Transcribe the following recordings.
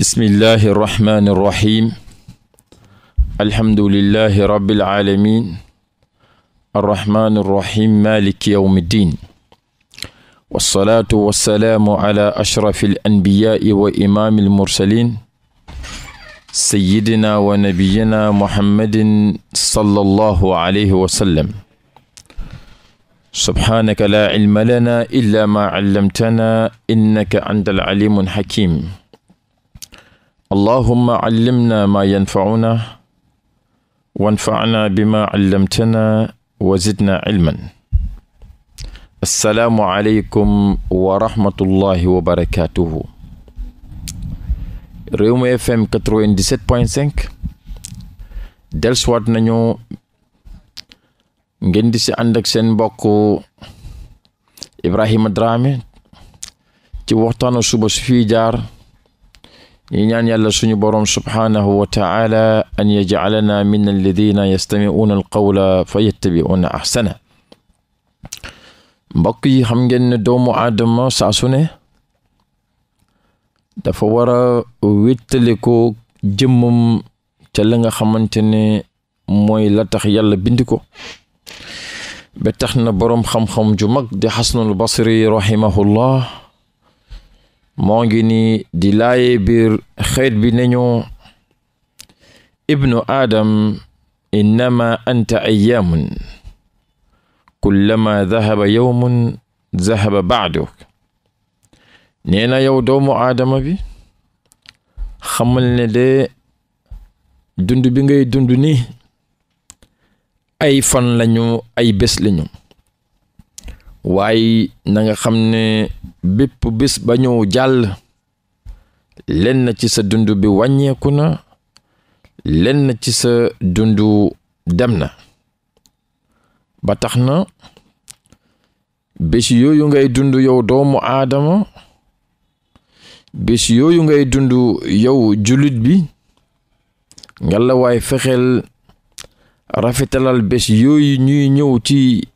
bismillahi irrahmani irrahim alhamdulilahi rabiilalamin arrahmani irrahim maliki yawmi ddin walsalaatu walsalaamu ala ashrafi alanbiyaai wa imaami almursalin sayidina wa nabiyina muhammadin sallallahu alayhi wa sallam subhaanaka laa cilma lana illa maa callamtana innaka anta alcalimu alxakim allahuma callimna maa yanfacunaa wanfacnaa bimaa callamtanaa wa zidnaa cilman assalaamu aleykum wa rahmatullahi wa barakaatuhu Rewmi FM 97.5 delswaat nañu ngeen di si ànd ak seen mbokk Ibrahima Dramé ci waxtaanu suba su fi jaar ñi ñaan yàlla suñu borom subhaanahu wa taala an yajcalana min alladina yastamicuuna alqawla fa yattabicuuna axsana mbokk yi xam ngeen doomu aadama saa su dafa war a wéttali ko jëmmam ca la nga xamante ne mooy la tax yàlla bind ko ba na boroom xam-xam ju mag di xasanul basri rahimahullah moo ngi ni di laaye biir xeet bi nañu ibnu aadam innama anta ayyaamun kullama dahaba yowmun dahaba baaduk nee na yow doomu aadama bi xamal ne de dund bi ngay dund ni ay fan lañu ay bés lañu waaye na xam ne bépp bés ba ñëw jàll lenn ci sa dund bi wàññeeku na lenn ci sa dundu dem na ba tax na bés yooyu ngay dundu yow doomu aadama bés yooyu ngay dund yow jullit bi ngelawaay fexeel rafetalal bés yooyu ñuy ñëw ci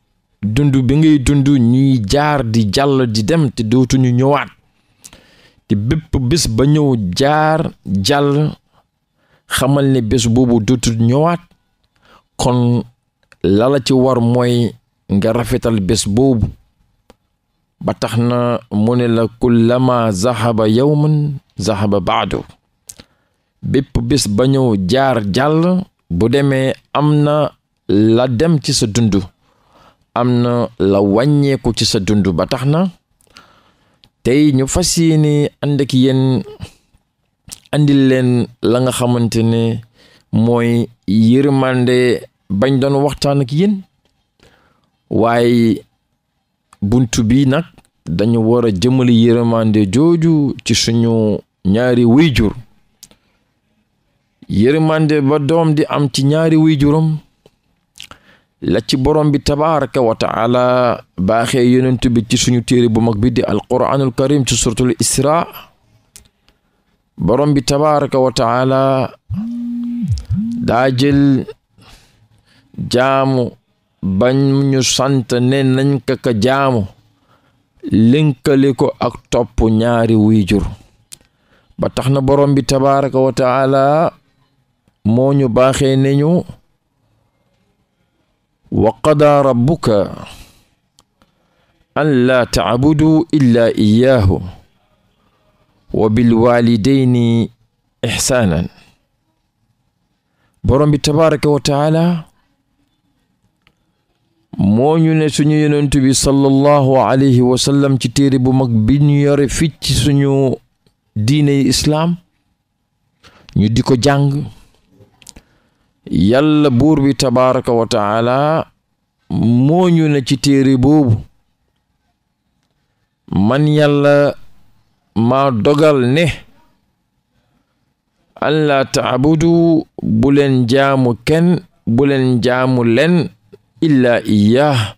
dundu bi ngay dundu ñuy jaar di jàll di dem te dootuñu ñëwaat te bépp bés ba ñëw jaar jàll xamal ni bés boobu dootul ñëwaat kon lala ci war mooy nga rafetal bés boobu ba tax na mu ne la kullama zahaba yawman zahaba baado bépp bés ba ñëw jaar jàll bu demee am na la dem ci sa dund am na la wàññeeku ci sa dund ba tax na tey ñu fas yéene ànd ak yéen leen la nga xamante ne mooy yërmande bañ doon waxtaanak ak waaye buntu bi nag dañu war a jëmale yërmande jooju ci suñu ñaari wayjur yërmande ba doom di am ci ñaari wayjuram la ci borom bi tabaraka wa taala baaxee yonent bi ci suñu téere bu mag bi di alquraanul karim ci suratul isra borom bi tabaraka wa taala daa jël jaamu bañ ñu sant ne nañ ka ka jaamu lënkale ko ak topp ñaari wuyjur ba tax na borom bi tabaraka wa taala moo ñu baaxee ne wa qadaa rabbuka an laa tacbuduu illaa iyaahu wa bilwaalidayni ixsaanan borom bi tabaraka wa taala moo ñu ne suñu yonent bi sallallahu alayhi wa ci téere bu mag bi ñu yore fii ci suñu diine islaam ñu di ko jàng yàlla buur bi tabaraka wa taala moo ñu ne ci téere boobu man yàlla maa dogal ne allah taabudu bu jaamu kenn bu leen jaamu leen illaa iyaah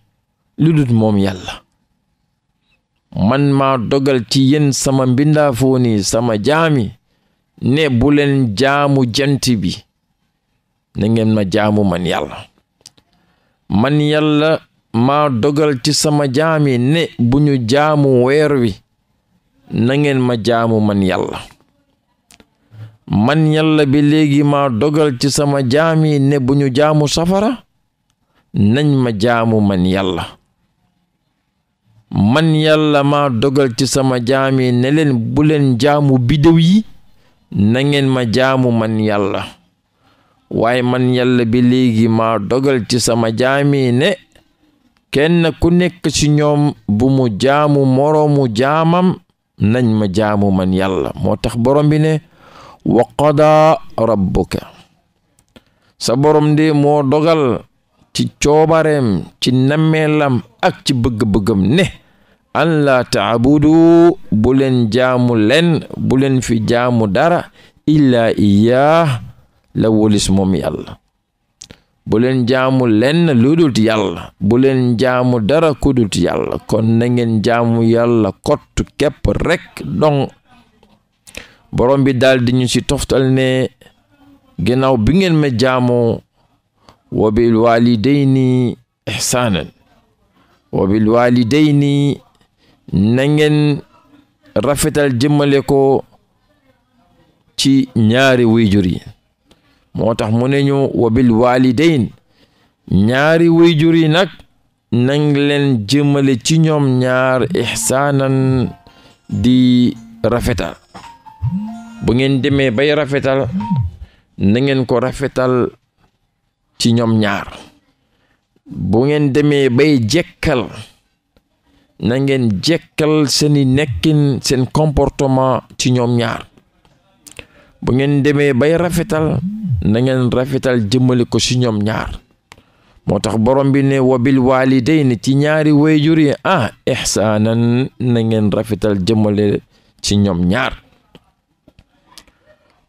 lu moom yàlla man maa dogal ci yéen sama mbindaafoo ni sama jaami ne bu jaamu jant bi nangeen ma jaamu man yàlla man yàlla maa dogal ci sama jaam ne bu ñu jaamu weer wi na ma jaamu man yàlla man yàlla bi léegi maa dogal ci sama jaam ne bu ñu jaamu safara nañ ma jaamu man yàlla man yàlla maa dogal ci sama jaam neleen buleen jaamu biddéw yi na ngeen ma jaamu man yàlla waaye man yàlla bi léegi maa dogal ci sama jaami ne kenn ku nekk ci ñoom bu mu jaamu moroomu jaamam nañ ma jaamu man yàlla moo tax borom bi ne wa qadaa rabbuka sa borom de moo dogal ci coobareem ci nammeelam ak ci bëgg-bëggam ne an laa bu leen jaamu leen bu leen fi jaamu dara illaa iyaah la moom yàlla bu leen jaamu lenn lu dul yàlla bu leen jaamu dara ku dul yàlla kon na ngeen jaamu yàlla kott képp rekk dong borom bi daldi ñu ci toftal ne ginnaaw bi ngeen ma jaamoo wa bil waalidayni ihsaanan wa bil waalidayni na ngeen rafetal jëmmale ko ci ñaari wayjur yi moo tax mu ne ñu wa bil waalidayn ñaari wayjur yi nag nang leen jëmale ci ñoom ñaar ixsaanan di rafetal bu ngeen demee bay rafetal na ngeen ko rafetal ci ñoom ñaar bu ngeen demee bay jekkal na ngeen jekkal seeni nekkin seen comportement ci ñoom ñaar bu ngeen demee bay rafetal nangeen rafetal jëmale ko ci ñoom ñaar moo tax borom bi ne wabil ne ci ñaari wayjur yi ah ihsaanan na ngeen rafetal jëmale ci ñoom ñaar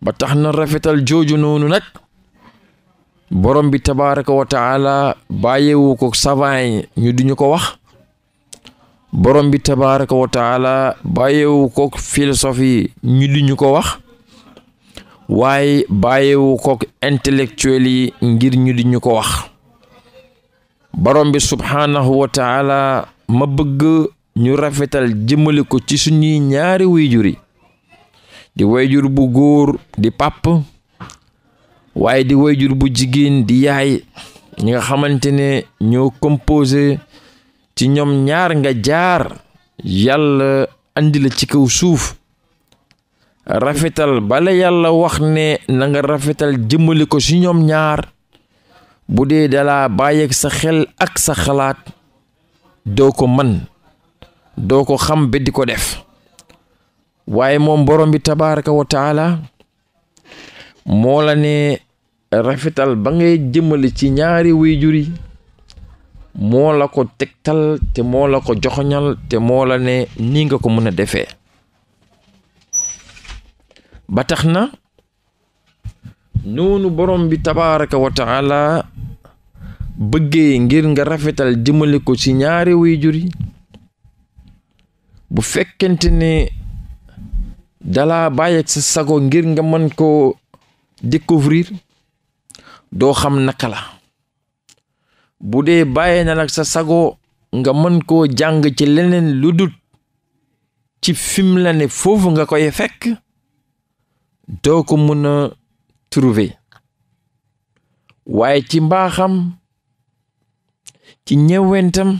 ba tax na rafetal jooju noonu nag borom bi tabaraka wa taala bàyyewu ko savant ñu duñu ko wax borom bi tabaraka wa taala ko philosophie ñu duñu ko wax waaye bàyyiwu ko intellectuel yi ngir ñu di ñu ko wax borom bi subhaanahu wa taala ma bëgg ñu rafetal jëmale ko ci suñuy ñaari wayjur yi di wayjur bu góor di pàpp waaye di wayjur bu jigéen di yaay ñi nga xamante ne ñoo composé ci ñoom ñaar nga jaar yàlla andi ci kaw suuf rafetal bala yàlla wax ne na nga rafetal jëmale ko ci ñoom ñaar bu dee dalaa bàyyeeg sa xel ak sa xalaat doo ko man doo ko xam ba di ko def waaye moom borom bi tabaraka wa moo la ne rafetal ba ngay jëmale ci ñaari waajur moo la ko tegtal te moo la ko joxoñal te moo la ne nii nga ko mën a defee ba tax na noonu borom bi tabaaraka wa taala bëggee ngir nga rafetal jëmale ko ci ñaari waajur yi bu fekkente ne dala bàyyi sa sago ngir nga mën koo découvrir doo xam naka la bu dee bàyyi na nag sa sago nga mën koo jàng ci leneen lu dul ci fim la ne foofu nga koy fekk doo ko mun a waaye ci mbaaxam ci ñëwentam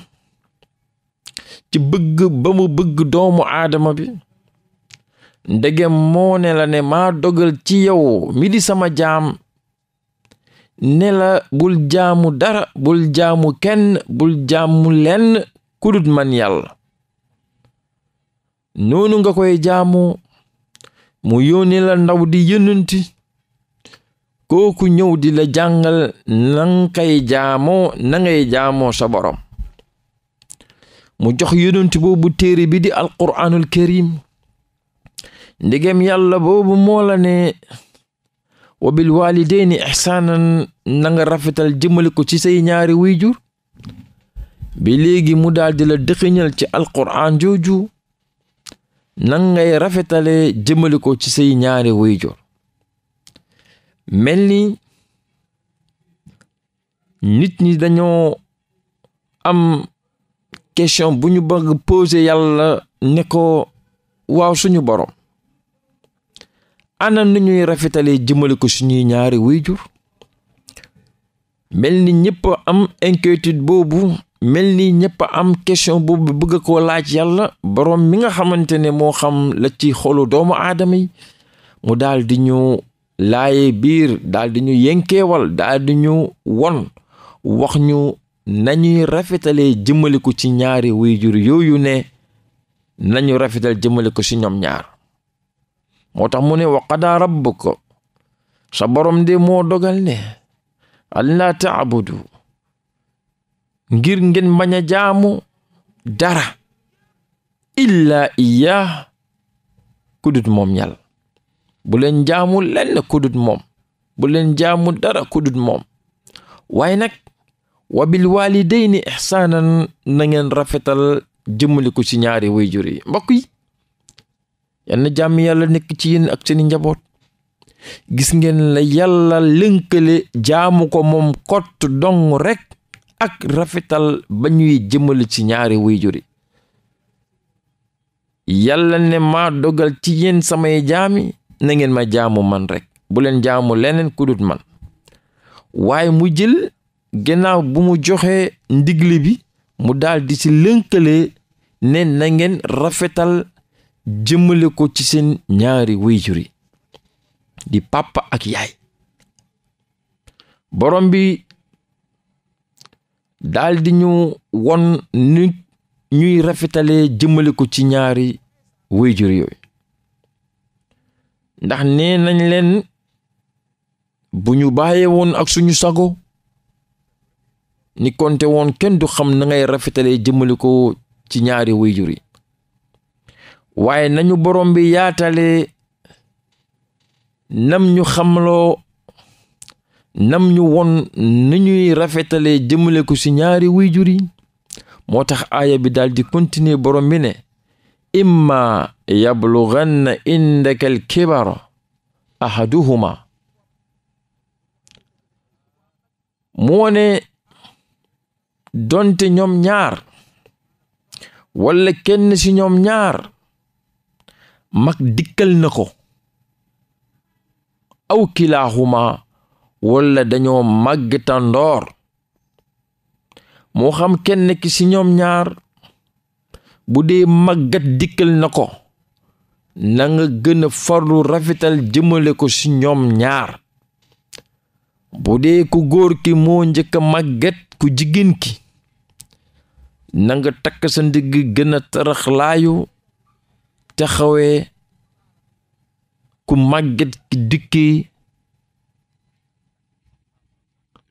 ci bëgg ba mu bëgg doomu aadama bi ndegem moo ne la ne maa dogal ci yow mi sama jaam ne la bul jaamu dara bul jaamu kenn bul jaamu lenn kudut man yàlla noonu nga koy jaamu mu yónni la ndaw di yónnanti kooku ñëw di la jàngal nanga kay jaamoo na ngay jaamoo sa borom mu jox yónnanti boobu téere bi di alquraanul karim ndegem yàlla boobu moo ne wa bil waalidayni ihsaanan na nga rafetal jëmale ko ci say ñaari waajur bi léegi mu daal di la dëxiñal ci alquraan jooju nan ngay rafetale jëmale ko ci say ñaari waajur mel ni nit ñi dañoo am question bu ñu bëgg poser yàlla ne ko waaw suñu borom ana nu ñuy rafetalee jëmale ko suñuy ñaari waajur mel ni ñëpp am inquiétude boobu mel nii ñëpp am question boobu bëgg koo laaj yàlla boroom mi nga xamante ne moo xam la ci xolu doomu aadama yi mu daldi ñu laaye biir daal di ñu yenkeewal daal di ñu won wax ñu nañuy rafetale jëmale ko ci ñaari waajur yooyu ne nañu rafetal jëmale ko ci ñoom ñaar moo tax mu ne wax wa qadaa ko sa borom de moo dogal ne allaa taabudu ngir ngeen bañ a jaamu dara illaa iya kudut moom yàlla bu leen jaamu lenn kudut moom bu leen jaamu dara kudut moom waaye nag wabil waalidayni ihsaanan na ngeen rafetal jëmmali ko ci ñaari wayjur yi mbokk yi yenn jàmm yàlla nekk ci yéen ak seeni njaboot gis ngeen la yàlla lënkale jaamu ko moom kott dong rek ak rafetal ba ñuy jëmale ci ñaari waajur yàlla ne maa dogal ci yéen samay jaami nangeen ma jaamu man rekk bu leen jaamu leneen ku dut man waaye mu jël gannaaw bu mu joxe ndigle bi mu daldi ci lënkale ne na rafetal jëmmale ko ci seen ñaari waajur yi di papa ak yaay daldi ñu won ni ñuy rafetale jëmale ko ci ñaari wéyjur yooyu ndax nee nañ leen bu ñu bàyyee woon ak suñu sago ni konte woon kenn du xam na ngay rafetalee jëmale ko ci ñaari wéyjur yi waaye nañu borom bi yaatale nam ñu xamloo nam ñu won ni ñuy rafetalee jëmale ko ci ñaari wuy moo tax aaya bi daldi di continuer borom bi ne imma yablughanna indaka al-kibara ahaduhuma mu wone donte ñoom ñaar walla kenn ci ñoom ñaar mag dikkal na ko aw kilaaxuma walla dañoo màgg tàndoor moo xam kenn ki ci ñoom ñaar bu dee màggat dikkal na ko nanga nga gën a farlu rafetal jëmale ko ci ñoom ñaar bu dee ku góor ki moo njëkk a ku jigéen ki na nga takk sa ndigg gën a taraxlaayu taxawee ku màggat ki dikki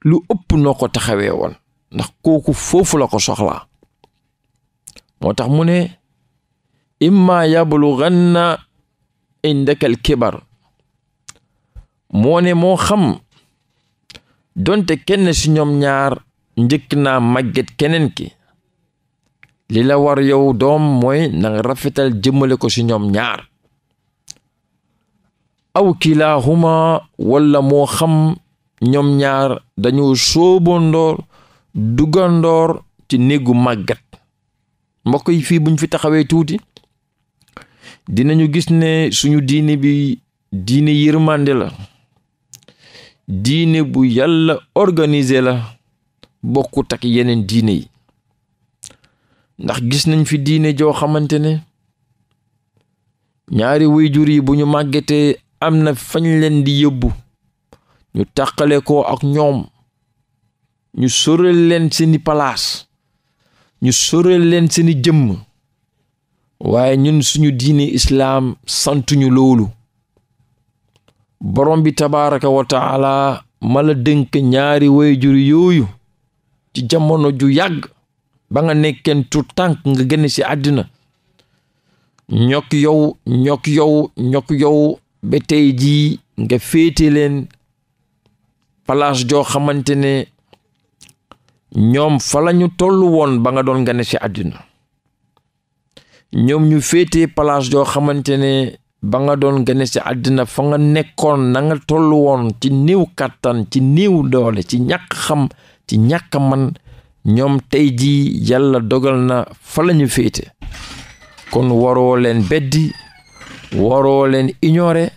lu ëpp noo ko taxawee woon ndax kooku foofu la ko soxlaa moo tax mu ne imma yablughanna indakal kibar moo ne moo xam donte kenn ci ñoom ñaar njëkk naa màgget keneen ki li la war yow doom mooy nanga rafetal jëmmale ko ci ñoom ñaar aw kilaahuma walla moo xam ñoom ñaar dañoo soobandoor dugandoor ci néegu màggat mbokk yi fii buñ fi taxawee tuuti dinañu gis ne suñu diine bi diine yërmande la diine bu yàlla organiser la bokkut ak yeneen diine yi ndax gis nañ fi diine joo xamante ne ñaari wayjur yi bu ñu màggatee am na fañ leen di yóbbu ñu tàqale ko ak ñoom ñu sorel leen seeni palaas ñu sorel leen seeni jëmm waaye ñun suñu diine islaam santuñu loolu borom bi tabaraka wa mala dënk ñaari wayjur yooyu ci jamono ju yàgg ba nga nekkeen tànk nga gën ci àddina ñokk yow ñokk yow ñokk yow ba tey nga féete leen palaas joo xamante ne ñoom fa la toll woon ba nga doon gane ci àdduna ñoom ñu féete palaas joo xamante ne ba nga doon gane ci àddina fa nga nekkoon nanga nga toll woon ci niw kàttan ci niw doole ci ñakk xam ci ñàkk man ñoom tey jii yàlla dogal na fa la ñu féete kon waroo leen beddi waroo leen ignorer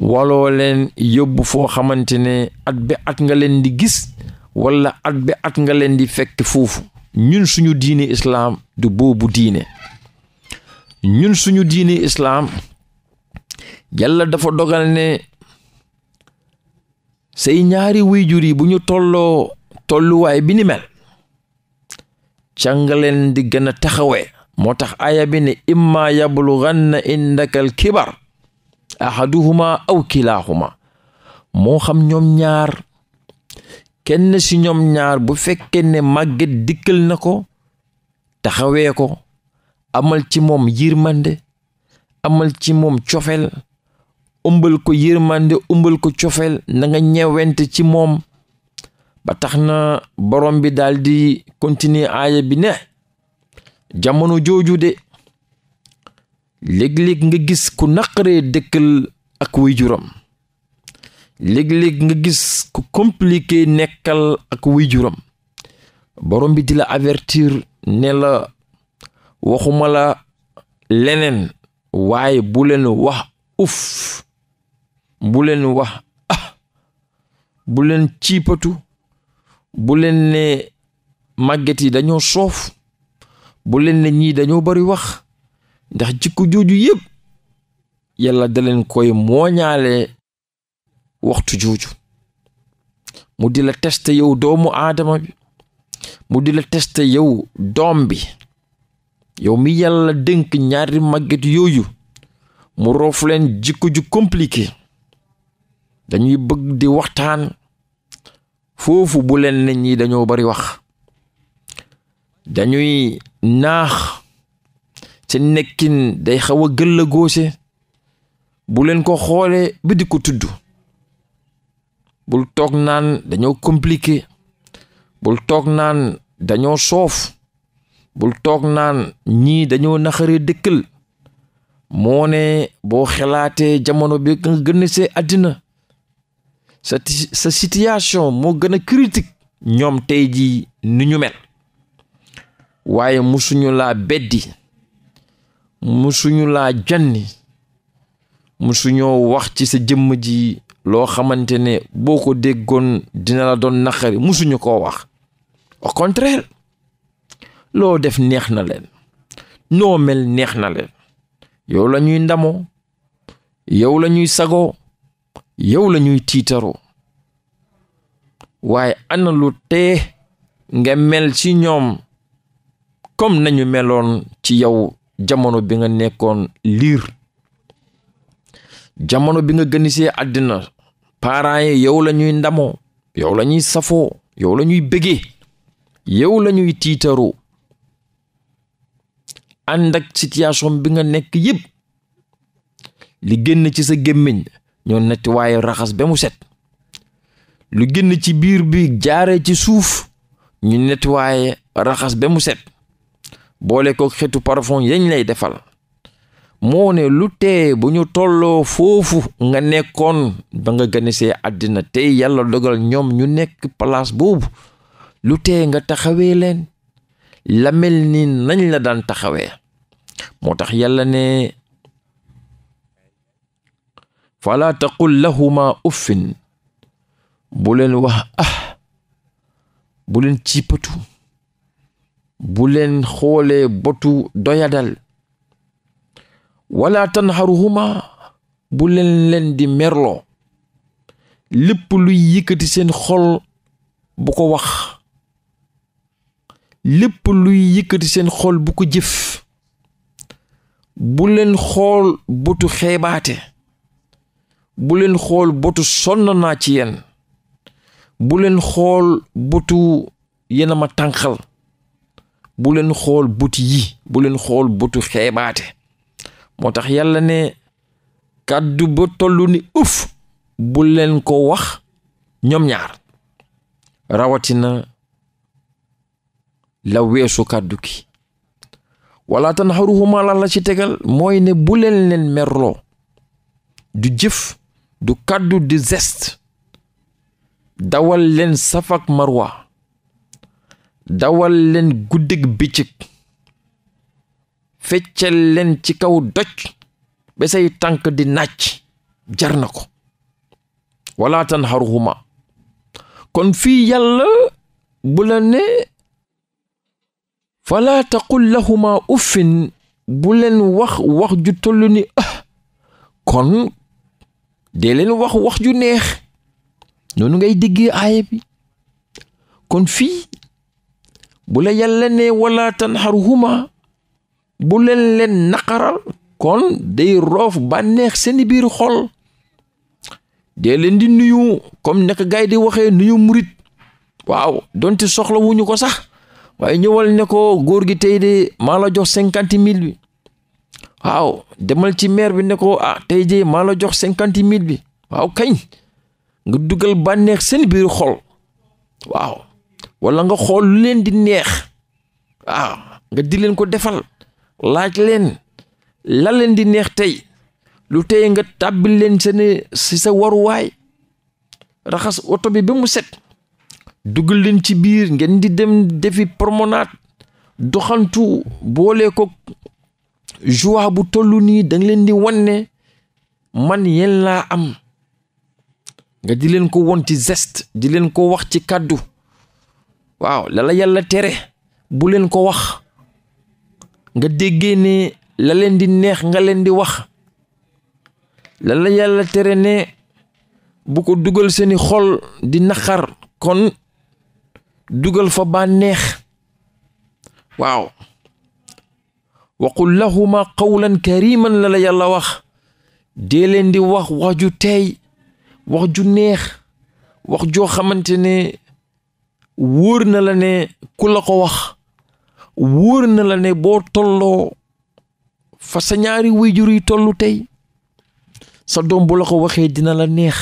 waloo leen yóbbu foo xamante ne at bi at nga leen di gis wala at bi at nga leen di fekk foofu ñun suñu diine islaam du boobu diine ñun suñu diini islaam yàlla dafa dogal ne say ñaari waajur yi bu ñu tolloo tolluwaay bi ni mel càngaleen di gën a taxawee moo tax aaya bi ne imma yablughanna indakal kibar ahaduhuma aw kilahuma moo xam ñoom ñaar kenn ci ñoom ñaar bu fekkee ne màgget dikkal na ko taxawee ko amal ci moom yërmande amal ci moom cofeel umbal ko yërmande umbal ko cofeel na nga ñewente ci moom ba tax na borom bi daal di continuer aaya bi ne jamono jooju de léeg-léeg nga gis ku naqaree dëkkal ak waajuram léeg-léeg nga gis ku compliqué nekkal ak waajuram borom bi di la avertir ne la waxuma la leneen waaye bu leen wax uf bu leen wax ah bu leen ciipatu bu leen ne màgget yi dañoo soof bu leen ne ñii dañoo bari wax ndax jikko jooju yëpp yàlla da leen koy mooñaale waxtu jooju mu di la teste yow doomu aadama bi mu di la teste yow doom bi yow mi yàlla dénk ñaari màgget yooyu mu roof leen jikko ju dañuy bëgg di waxtaan foofu bu leen ne ñi dañoo bari wax dañuy naax seen nekkin day xaw a gëlla góose bu leen ko xoolee ba di ko tudd bul toog naan dañoo compliqué bul toog naan dañoo soof bul toog naan ñii dañoo naxaree dëkkal moo boo xalaatee jamono bi nga gën see àddina sa sa situation moo gën a critique ñoom tey jii ni ñu waaye musuñu laa beddi musuñu laa janni musuñoo wax ci sa jëmm ji loo xamante ne boo ko déggoon dina la doon naqari musuñu koo wax au contraire loo def neex na leen noo mel neex na leen yow la ñuy ndamoo yow la ñuy sagoo yow la ñuy tiitaroo waaye ana lu tee nga mel ci ñoom kom nañu meloon ci yow jamono bi nga nekkoon liir jamono bi nga gënisee àddina parents yi yow la ñuy ndamoo yow lañuy ñuy safoo yow lañuy ñuy bëggee yow la ñuy tiitaroo ànd ak bi nga nekk yëpp li génn ci sa gémmiñ ñoo netti waaye raxas ba mu set lu génn ci biir bi jaaree ci suuf ñu netti raxas ba mu set boole ko xeetu parfum yañ lay defal moo ne lu tee bu ñu tolloo foofu nga nekkoon ba nga ganisee àddina tey yàlla dogal ñoom ñu nekk palaas boobu lu tee nga taxawee leen lamel ni nañ la daan taxawee moo tax yàlla ne fala taqul lahuma uffin bu leen wax ah bu leen ciipatu bu leen xoolee botu doyadal wala tanharuhuma bu leen leen di merloo lépp luy yëkkati seen xol bu ko wax lépp luy yëkkati seen xol bu ko jif bu leen xool botu xeebaate bu leen xool botu sonn ci yenn bu leen xool botu yéen a ma bu leen xool buti yi bu leen xool butu xeebaate moo tax yàlla ne kàddu ba tollu ni uf bu leen ko wax ñoom ñaar rawatina la weesu kàddu ki wala tanharuhuma la la ci tegal mooy ne bu leen leen merloo du jëf du kàddu du geste dawal leen safak marwa dawal leen guddig bëccëg feccel leen ci kaw doj ba say tànk di nàcc jar na ko wala tan xaruhuma kon fii yàlla bu la ne falaa taqul lahuma uffin bu leen wax wax ju toll ni ah, kon dee leen wax wax ju neex noonu ngay déggee aaya bi kon fii bu la yàlla ne wala tanxaruhuma bu leen leen naqaral kon day roof bànneex seeni biir xol dee leen di nuyu comme nekk gaay di waxee nuyu murit waaw donte soxlawuñu ko sax waaye ñëwal ne ko góor gi tey de maa la jox cinquante mille bi waaw demal ci maire bi ne ko ah tey de maa la jox cinquante mille bi waaw kañ nga dugal bànneex seen biir xol waaw wala nga xool leen di neex waaw ah, nga di leen ko defal laaj leen la leen di neex tey lu tey nga tàbbil leen seeni si sa waruwaay raxas oto bi ba mu set dugg leen ci biir ngeen di dem defi promenade doxantu boole ko joie bu toll nii danga leen di wanne man yéen laa am nga di leen ko wonti ci di leen ko wax ci kàddu waaw lala yàlla tere bu leen ko wax nga déggee ne la leen di neex nga leen di wax la la yàlla tere ne bu ko dugal seeni xol di naxar kon dugal fa ba neex waaw waqul lahuma qawlan kariman la la yàlla wax dee leen di wax wax ju teey wax ju neex wax joo xamante wóor na ne ku la ko wax wóor na la ne boo tolloo fa sa ñaari waajur yi tollu tey sa doom bu la ko waxee dina la neex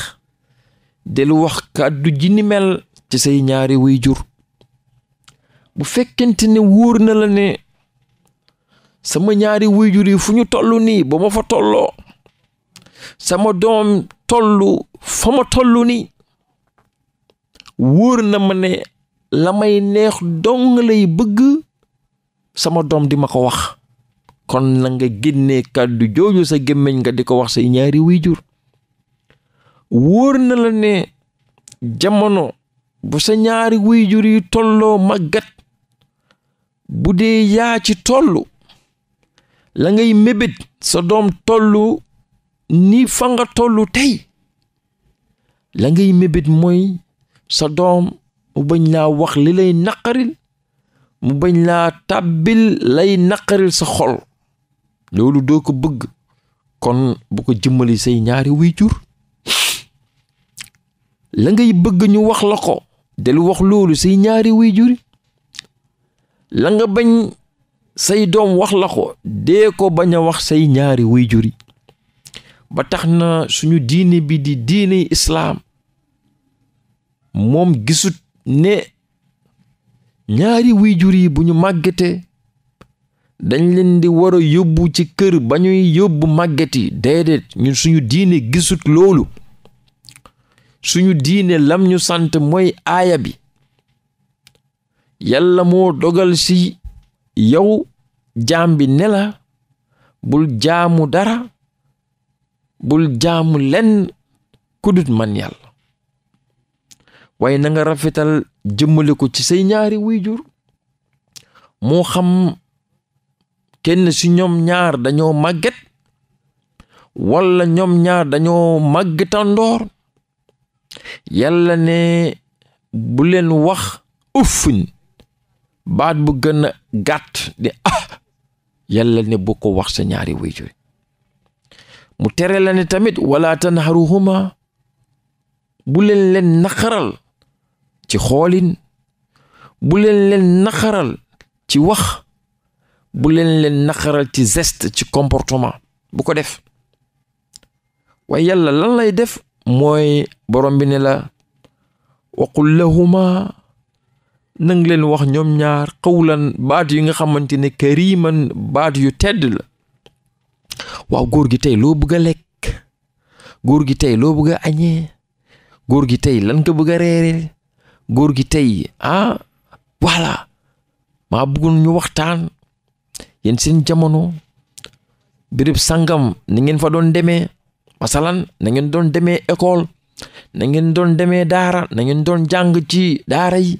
delu wax kàddu ji ni mel ci say ñaari waajur bu fekkente ne wóor na la ne sama ñaari waajur yi fu ñu toll nii ba ma tolloo sama doom tollu fa ma tollu nii wóor na ne la may neex dong lay bëgg sama doom di ma ko wax kon na nga génnee kàddu jooju sa gémmiñ nga di ko wax sa ñaari waajur wóor na la ne jamono bu sa ñaari waajur yu tolloo màggat bu dee yaa ci tollu la ngay mébét sa doom tollu ni fa nga tollu tey la ngay mébét mooy sa doom mu bañ laa wax li lay naqaril mu bañ laa tàbbil lay naqaril sa xol loolu doo ko bëgg kon bu ko jëmmali say ñaari waajur la ngay bëgg ñu wax la ko wax loolu say ñaari waajur la nga bañ say doom wax la ko dee ko bañ a wax say ñaari waajur yi ba tax na suñu diini bi di diine islaam moom gisut ne ñaari waajur yi bu ñu màggate dañ leen di war yóbbu ci kër ba ñuy yóbbu màgget yi déedéet ñun suñu diine gisut loolu suñu diine lam ñu sant mooy aaya bi yàlla moo dogal si yow jaam nela ne la bul jaamu dara bul jaamu lenn kudut man waaye nanga nga rafetal jëmmale ko ci say ñaari waajur moo xam kenn si ñoom ñaar dañoo màgget walla ñoom ñaar dañoo màggetandoor yàlla ne bu leen wax uffin baat bu gën a gàtt di ah yàlla ne bu ko wax sa ñaari waajur mu tere la ne tamit wala tanharuhuma bu leen leen naqaral ci xoolin bu leen leen naqaral ci wax bu leen leen naqaral ci geste ci comportement bu ko def waaye yàlla lan lay def mooy borom bi ne la waqul lahuma nang leen wax ñoom ñaar xawlan baat yi nga xamante ne kariman baat yu tedd la waaw góor gi tey loo bëgg a lekk góor gi tey loo bëgg a añee góor gi tey lan nga bëgg a reereel góor gi tey ah voilà maa bëggoon ñu waxtaan yéen seen jamono béréb sangam na ngeen fa doon demee masalan na ngeen doon demee école na ngeen doon demee daara nangeen doon jàng ci daara yi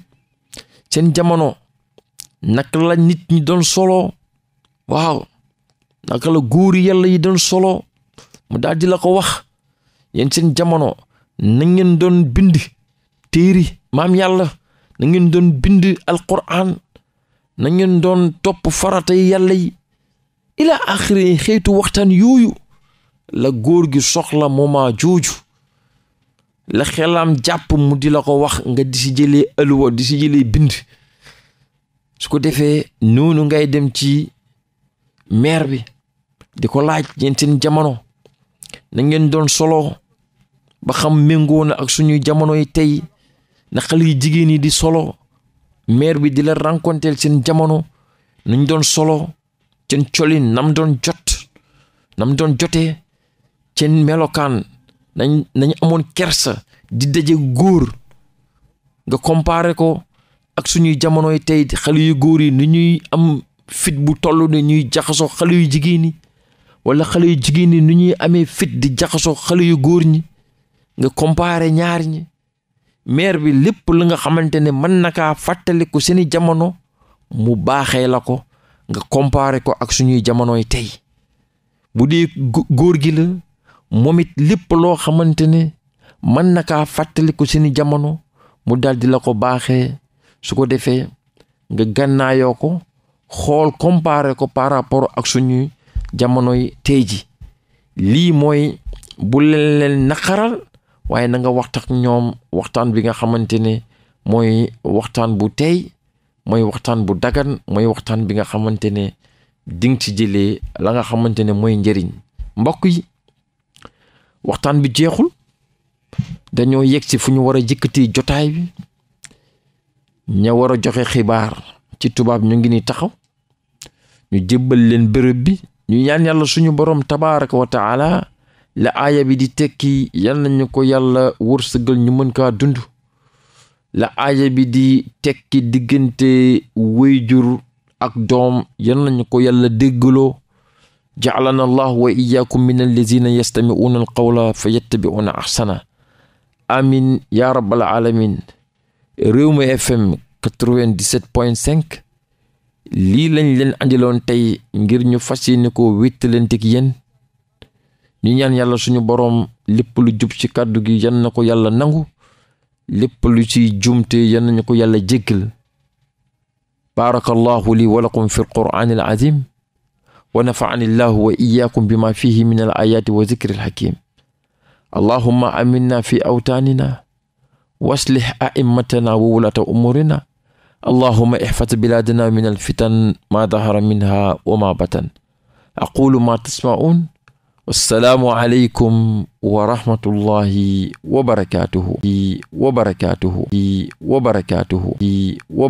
seen jamono naka la nit ñi doon solo waaw naka la góor yàlla yi doon solo mu daal di la ko wax yéen seen jamono na ngeen doon bind téeri maam yàlla na ngeen doon bind alquran na doon topp farata yi yàlla yi ila axiri xeetu waxtaan yooyu la góor gi soxla moomaa jooju la xelam jàpp mu di la ko wax nga di si jëlee aluwa di si jëlee bind su ko defee noonu ngay dem ci meer bi di ko laaj yéen seen jamono na doon solo ba xam méngoo ak suñuy jamono yi tey na xale yu jigéen yi di solo maire bi di la rencontré seen jamono nañ doon solo seen colin nam doon jot nam doon jotee seen melokaan nañ nañ amoon kersa di daje góor nga comparé ko ak suñuy jamono yi tey xale yu góor yi ni ñuy am fit bu toll ni ñuy jaxasoo xale yu jigéen ñi wala xale yu jigéen ñi ni ñuy amee fit di jaxasoo xale yu góor ñi nga comparé ñaar ñi maire bi lépp lu nga xamante ne mën na kaa fàttaliku seeni jamono mu baaxee la ko nga comparer ko ak suñuy jamonoy tey bu dee góor gi la moom it lépp loo xamante ne mën na kaa fàttaliku seeni jamono mu daldi la ko baaxee su ko defee nga gànnaayoo ko xool comparer ko par rapport ak suñuy jamonoy tey ji lii mooy bu leen leen naqaral waaye na nga waxtaan ñoom waxtaan bi nga xamante ne mooy waxtaan bu tey mooy waxtaan bu dagan mooy waxtaan bi nga xamante ne di nga ci jëlee la nga xamante ne mooy njëriñ mbokk yi waxtaan bi jeexul dañoo yegg si fu ñu war a jëkkati jotaay bi ña war a joxe xibaar ci tubaab ñu ngi ni taxaw ñu jébbal leen bërëb bi ñu ñaan yàlla suñu borom tabaaraka wa la aaya bi di tekki yal nañu ko yàlla wërsëgal ñu mën kaa dund la aaya bi di tekki diggante wéyjur ak doom yal nañu ko yàlla déggaloo ja'alana allahu wa iyaakum min allazina yastami'una alqawla fa yattabi'una ahsana amin ya rabbal alamin Rewmi FM lii lañ leen andiloon tey ngir ñu fas yéene ko wéttalanteeg yéen ñu ñaan yàlla suñu boroom lépp lu jub ci kàddu gi yan na ko yàlla nangu lépp lu ci jumte yan nañu ko yàlla jéggal baarakallahu li walakum fi alqur'ani alazim wa nafa'ani llahu wa iyaakum bima fihi min al ayaati wa zikri alhakim aminna fi awtaanina wa aslih a'immatana wa wulata umurina allahumma ihfaz bilaadana min ma dahara minha ma batan aqulu ma tasma'un wasalaamualeykum wa rahmatullahi wa barakaatuhu. wa barakaatuhu. wa barakaatuhu. wa barakaatuhu.